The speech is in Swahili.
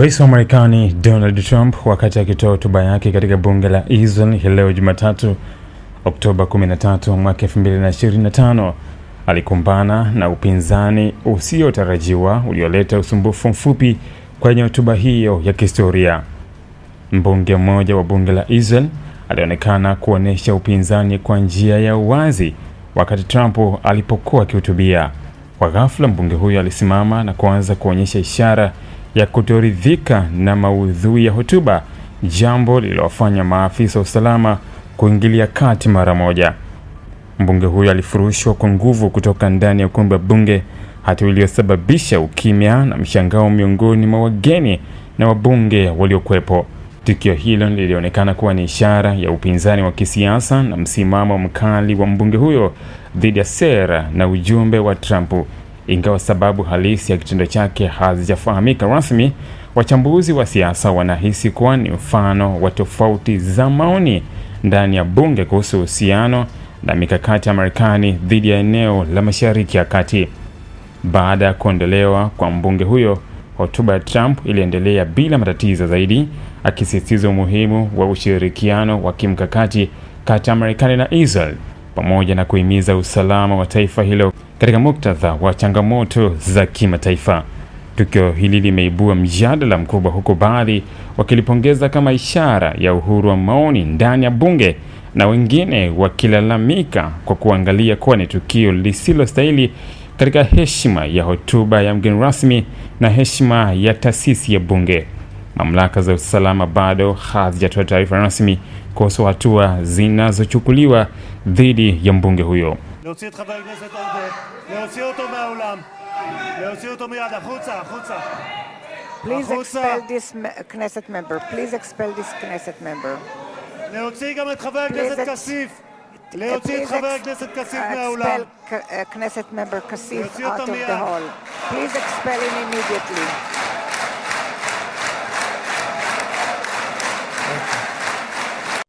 Rais wa Marekani Donald Trump wakati akitoa hotuba yake katika bunge la Israel hii leo Jumatatu Oktoba 13 mwaka 2025 alikumbana na upinzani usiotarajiwa ulioleta usumbufu mfupi kwenye hotuba hiyo ya kihistoria. Mbunge mmoja wa bunge la Israel alionekana kuonyesha upinzani kwa njia ya uwazi wakati Trump alipokuwa akihutubia. Kwa ghafla, mbunge huyo alisimama na kuanza kuonyesha ishara ya kutoridhika na maudhui ya hotuba, jambo lililofanya maafisa wa usalama kuingilia kati mara moja. Mbunge huyo alifurushwa kwa nguvu kutoka ndani ya ukumbi wa bunge, hatua iliyosababisha ukimya na mshangao miongoni mwa wageni na wabunge waliokuwepo. Tukio hilo lilionekana kuwa ni ishara ya upinzani wa kisiasa na msimamo mkali wa mbunge huyo dhidi ya sera na ujumbe wa Trump ingawa sababu halisi ya kitendo chake hazijafahamika rasmi. Wachambuzi wa siasa wanahisi kuwa ni mfano wa tofauti za maoni ndani ya bunge kuhusu uhusiano na mikakati ya Marekani dhidi ya eneo la Mashariki ya Kati. Baada ya kuondolewa kwa mbunge huyo, hotuba ya Trump iliendelea bila matatizo zaidi, akisistiza umuhimu wa ushirikiano wa kimkakati kati ya Marekani na Israel pamoja na kuhimiza usalama wa taifa hilo katika muktadha wa changamoto za kimataifa. Tukio hili limeibua mjadala mkubwa, huku baadhi wakilipongeza kama ishara ya uhuru wa maoni ndani ya bunge na wengine wakilalamika kwa kuangalia kuwa ni tukio lisilostahili katika heshima ya hotuba ya mgeni rasmi na heshima ya taasisi ya bunge. Mamlaka za usalama bado hazijatoa taarifa rasmi kuhusu hatua zinazochukuliwa dhidi ya mbunge huyo. להוציא את חבר הכנסת עודה, להוציא אותו מהאולם, להוציא אותו מיד, החוצה, החוצה. Please expel this Knesset member. Please expel this Knesset member. Please expel Knesset member כסיף out of the hall. Please expel him immediately.